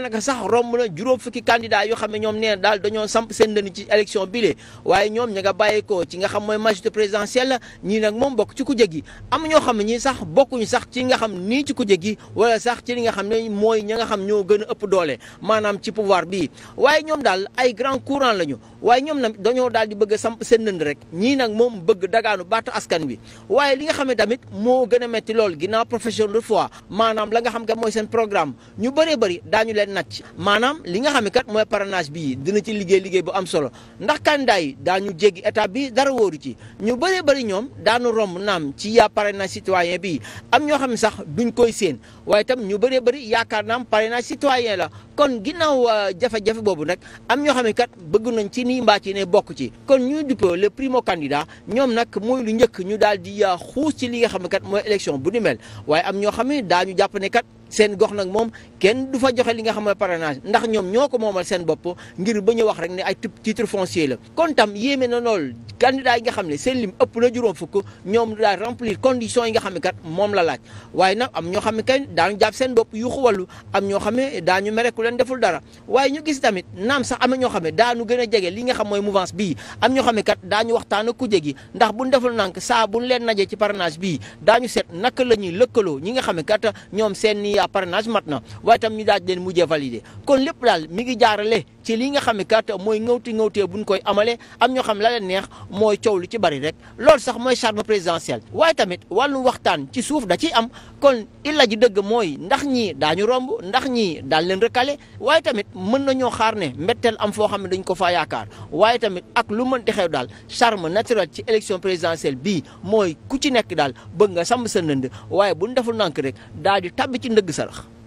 daanaka sax romb na juróom fukki candidat yoo xam ne ñoom nee na daal dañoo samp seen dënn ci élection bile waaye ñoom ña nga bàyyeekoo ci nga xam mooy majorité présidentielle ñii nag moom bokk ci ku jéggi am ñoo xam ñii sax bokkuñu sax ci nga xam nii ci ku jéggi wala sax ci nga xam ne mooy ña nga xam ñoo gën a ëpp doole maanaam ci pouvoir bii waaye ñoom daal ay grand courant lañu waaye ñoom nag dañoo daal di bëgg a samp seen dënn rek ñii nag moom bëgg a natch maanaam li nga xam ne kat mooy parrainage bii dina ci liggéey liggéey bu am solo ndax candidat yi ñu jéggi étape bi dara wooru ci ñu bëree bëri ñoom daanu romb naam ci yaa parrainage citoyen bi am ñoo xam ne sax duñ koy séen waaye tam ñu bëree bëri yaakaar naam parrainage citoyen la kon ginnaaw euh, jafe-jafe boobu nag am ñoo xam ne kat bëgg nañ ci nii mbaa ci ne bokk ci kon ñuy duppee le primo candidat ñoom nag mooy lu njëkk ñu daal di euh, xuus ci li nga xam kat mooy élection bu ni mel waaye am ñoo xam ne daañu jàpp ne seen gox nag moom kenn du fa joxe li nga xam ne parrainage ndax ñoom ñoo ko moom moomal seen bopp ngir ba ñu wax rek ne ay titre foncier la kon tam yéeme na lool candidat yi nga xam ne seen ëpp na juróom fukk ñoom daal remplir conditions yi nga xam ne moom la waaye nag am ñoo xam ne kay daañu jàpp seen bopp yu xuwalu am ñoo xam ne daañu mere ku leen deful dara waaye ñu gis tamit naam sax am na ñoo xam ne daanu gën a jege li nga xam mooy mouvance bi am ñoo xam ne kat daañu waxtaan ak ku jegi ndax buñ deful nànk saa bu leen najee ci parrainage bi daañu seet naka la ñuy lëkkaloo ñi nga xam ne kat ñoom seen parrainage mat na waaye tam ñu daaj leen mujjee validé kon lépp daal mi ngi jaarale ci lii nga xam ne kat mooy ngawti ngawtee buñ koy amalee am ñoo xam ne la leen neex mooy coow lu ci bari rek loolu sax mooy charme présidentiel waaye tamit wàllum waxtaan ci suuf da ciy am kon illa ji dëgg mooy ndax ñi daañu romb ndax ñii daan leen recalé waaye tamit mën nañoo xaar ne mbetteel am foo xam ne dañ ko faa yaakaar waaye tamit ak lu mën di xew daal charme naturel ci élection présidentielle bii mooy ku ci nekk daal bëgg nga sàmm sa nënd waaye buñ deful nànk rek daa di tàbbi ci ndëgg sarax